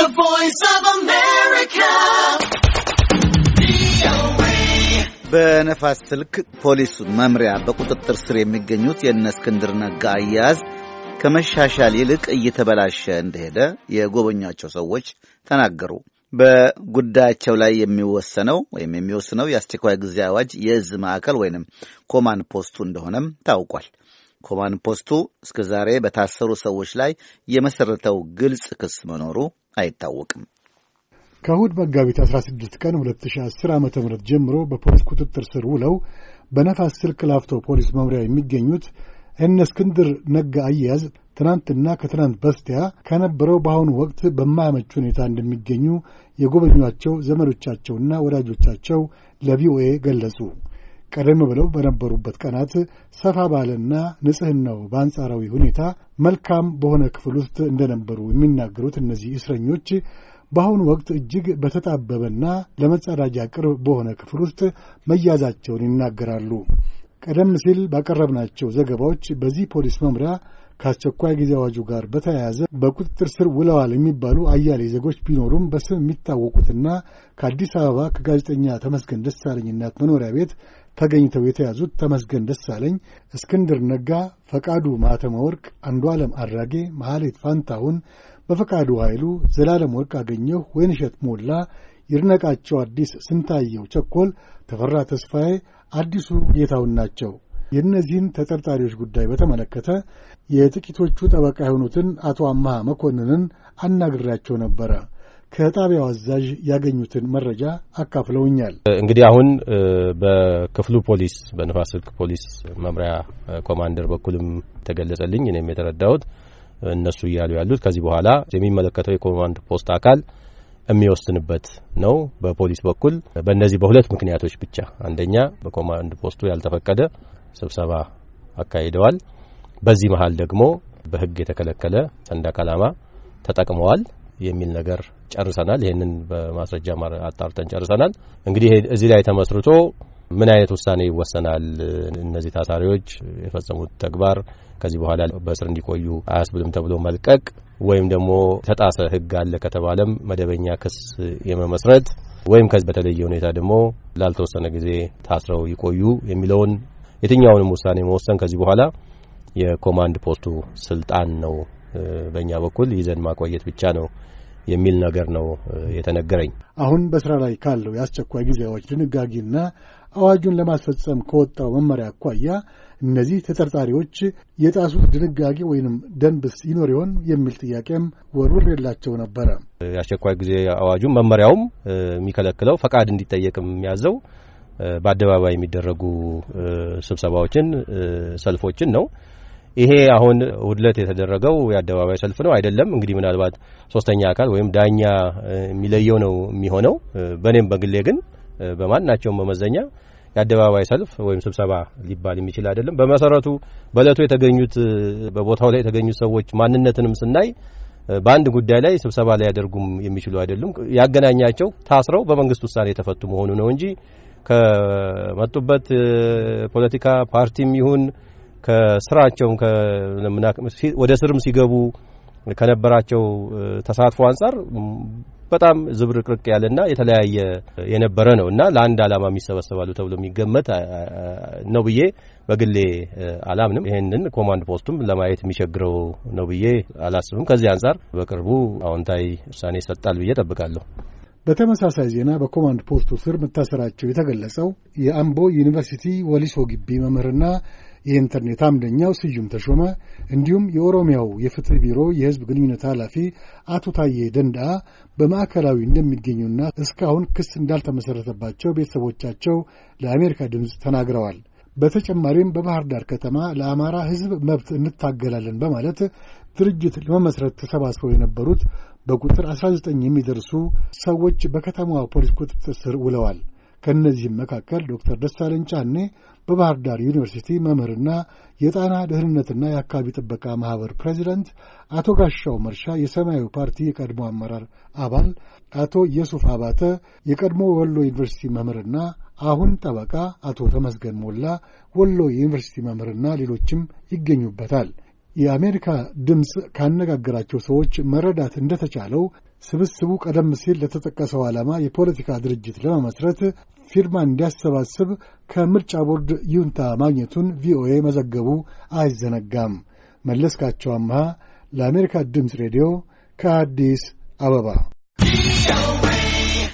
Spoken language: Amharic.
The Voice of America. በነፋስ ስልክ ፖሊስ መምሪያ በቁጥጥር ስር የሚገኙት የእነ እስክንድር ነጋ አያያዝ ከመሻሻል ይልቅ እየተበላሸ እንደሄደ የጎበኟቸው ሰዎች ተናገሩ። በጉዳያቸው ላይ የሚወሰነው ወይም የሚወስነው የአስቸኳይ ጊዜ አዋጅ የእዝ ማዕከል ወይንም ኮማንድ ፖስቱ እንደሆነም ታውቋል። ኮማን ፖስቱ እስከ ዛሬ በታሰሩ ሰዎች ላይ የመሰረተው ግልጽ ክስ መኖሩ አይታወቅም። ከእሁድ መጋቢት 16 ቀን 2010 ዓ ም ጀምሮ በፖሊስ ቁጥጥር ስር ውለው በነፋስ ስልክ ላፍቶ ፖሊስ መምሪያ የሚገኙት እነ እስክንድር ነጋ አያያዝ ትናንትና ከትናንት በስቲያ ከነበረው በአሁኑ ወቅት በማያመች ሁኔታ እንደሚገኙ የጎበኟቸው ዘመዶቻቸውና ወዳጆቻቸው ለቪኦኤ ገለጹ። ቀደም ብለው በነበሩበት ቀናት ሰፋ ባለና ንጽሕናው በአንጻራዊ ሁኔታ መልካም በሆነ ክፍል ውስጥ እንደነበሩ የሚናገሩት እነዚህ እስረኞች በአሁኑ ወቅት እጅግ በተጣበበና ለመጸዳጃ ቅርብ በሆነ ክፍል ውስጥ መያዛቸውን ይናገራሉ። ቀደም ሲል ባቀረብናቸው ዘገባዎች በዚህ ፖሊስ መምሪያ ከአስቸኳይ ጊዜ አዋጁ ጋር በተያያዘ በቁጥጥር ስር ውለዋል የሚባሉ አያሌ ዜጎች ቢኖሩም በስም የሚታወቁትና ከአዲስ አበባ ከጋዜጠኛ ተመስገን ደሳለኝ እናት መኖሪያ ቤት ተገኝተው የተያዙት ተመስገን ደሳለኝ፣ እስክንድር ነጋ፣ ፈቃዱ ማኅተመ ወርቅ፣ አለም አድራጌ መሐሌት ፋንታሁን፣ በፈቃዱ ኃይሉ፣ ዘላለም ወርቅ አገኘሁ፣ ወይንሸት ሞላ፣ ይድነቃቸው አዲስ፣ ስንታየው ቸኮል፣ ተፈራ ተስፋዬ፣ አዲሱ ጌታውን ናቸው። የእነዚህን ተጠርጣሪዎች ጉዳይ በተመለከተ የጥቂቶቹ ጠበቃ የሆኑትን አቶ አምሃ መኮንንን አናግሬያቸው ነበረ። ከጣቢያው አዛዥ ያገኙትን መረጃ አካፍለውኛል። እንግዲህ አሁን በክፍሉ ፖሊስ በንፋስ ስልክ ፖሊስ መምሪያ ኮማንደር በኩልም ተገለጸልኝ። እኔም የተረዳሁት እነሱ እያሉ ያሉት ከዚህ በኋላ የሚመለከተው የኮማንድ ፖስት አካል የሚወስንበት ነው። በፖሊስ በኩል በእነዚህ በሁለት ምክንያቶች ብቻ አንደኛ በኮማንድ ፖስቱ ያልተፈቀደ ስብሰባ አካሂደዋል። በዚህ መሀል ደግሞ በህግ የተከለከለ ሰንደቅ ዓላማ ተጠቅመዋል የሚል ነገር ጨርሰናል። ይህንን በማስረጃ አጣርተን ጨርሰናል። እንግዲህ እዚህ ላይ ተመስርቶ ምን አይነት ውሳኔ ይወሰናል? እነዚህ ታሳሪዎች የፈጸሙት ተግባር ከዚህ በኋላ በእስር እንዲቆዩ አያስብልም ተብሎ መልቀቅ ወይም ደግሞ ተጣሰ ህግ አለ ከተባለም መደበኛ ክስ የመመስረት ወይም ከዚህ በተለየ ሁኔታ ደግሞ ላልተወሰነ ጊዜ ታስረው ይቆዩ የሚለውን የትኛውንም ውሳኔ መወሰን ከዚህ በኋላ የኮማንድ ፖስቱ ስልጣን ነው፣ በእኛ በኩል ይዘን ማቆየት ብቻ ነው የሚል ነገር ነው የተነገረኝ። አሁን በስራ ላይ ካለው የአስቸኳይ ጊዜያዎች ድንጋጌና አዋጁን ለማስፈጸም ከወጣው መመሪያ አኳያ እነዚህ ተጠርጣሪዎች የጣሱት ድንጋጌ ወይንም ደንብስ ይኖር ይሆን የሚል ጥያቄም ወርውር የላቸው ነበረ። የአስቸኳይ ጊዜ አዋጁን መመሪያውም የሚከለክለው ፈቃድ እንዲጠየቅም የሚያዘው በአደባባይ የሚደረጉ ስብሰባዎችን፣ ሰልፎችን ነው። ይሄ አሁን ውድለት የተደረገው የአደባባይ ሰልፍ ነው አይደለም። እንግዲህ ምናልባት ሶስተኛ አካል ወይም ዳኛ የሚለየው ነው የሚሆነው። በእኔም በግሌ ግን በማናቸውም መመዘኛ የአደባባይ ሰልፍ ወይም ስብሰባ ሊባል የሚችል አይደለም። በመሰረቱ በእለቱ የተገኙት በቦታው ላይ የተገኙት ሰዎች ማንነትንም ስናይ በአንድ ጉዳይ ላይ ስብሰባ ላይ ያደርጉም የሚችሉ አይደሉም። ያገናኛቸው ታስረው በመንግስት ውሳኔ የተፈቱ መሆኑ ነው እንጂ ከመጡበት ፖለቲካ ፓርቲም ይሁን ከስራቸውም ወደ ስርም ሲገቡ ከነበራቸው ተሳትፎ አንጻር በጣም ዝብርቅርቅ ያለና የተለያየ የነበረ ነው እና ለአንድ ዓላማም ይሰበሰባሉ ተብሎ የሚገመት ነው ብዬ በግሌ አላምንም። ይህንን ኮማንድ ፖስቱም ለማየት የሚቸግረው ነው ብዬ አላስብም። ከዚህ አንጻር በቅርቡ አዎንታዊ ውሳኔ ይሰጣል ብዬ ጠብቃለሁ። በተመሳሳይ ዜና በኮማንድ ፖስቱ ስር መታሰራቸው የተገለጸው የአምቦ ዩኒቨርሲቲ ወሊሶ ግቢ መምህርና የኢንተርኔት አምደኛው ስዩም ተሾመ እንዲሁም የኦሮሚያው የፍትህ ቢሮ የህዝብ ግንኙነት ኃላፊ አቶ ታዬ ደንዳአ በማዕከላዊ እንደሚገኙና እስካሁን ክስ እንዳልተመሠረተባቸው ቤተሰቦቻቸው ለአሜሪካ ድምፅ ተናግረዋል። በተጨማሪም በባህር ዳር ከተማ ለአማራ ህዝብ መብት እንታገላለን በማለት ድርጅት ለመመስረት ተሰባስበው የነበሩት በቁጥር 19 የሚደርሱ ሰዎች በከተማዋ ፖሊስ ቁጥጥር ስር ውለዋል። ከእነዚህም መካከል ዶክተር ደሳለኝ ጫኔ በባህር ዳር ዩኒቨርሲቲ መምህርና የጣና ደህንነትና የአካባቢ ጥበቃ ማኅበር ፕሬዚዳንት፣ አቶ ጋሻው መርሻ የሰማያዊ ፓርቲ የቀድሞ አመራር አባል፣ አቶ ኢየሱፍ አባተ የቀድሞ ወሎ ዩኒቨርሲቲ መምህርና አሁን ጠበቃ፣ አቶ ተመስገን ሞላ ወሎ ዩኒቨርሲቲ መምህርና ሌሎችም ይገኙበታል። የአሜሪካ ድምፅ ካነጋገራቸው ሰዎች መረዳት እንደተቻለው ስብስቡ ቀደም ሲል ለተጠቀሰው ዓላማ የፖለቲካ ድርጅት ለመመስረት ፊርማ እንዲያሰባስብ ከምርጫ ቦርድ ይሁንታ ማግኘቱን ቪኦኤ መዘገቡ አይዘነጋም። መለስካቸው አምሃ ለአሜሪካ ድምፅ ሬዲዮ ከአዲስ አበባ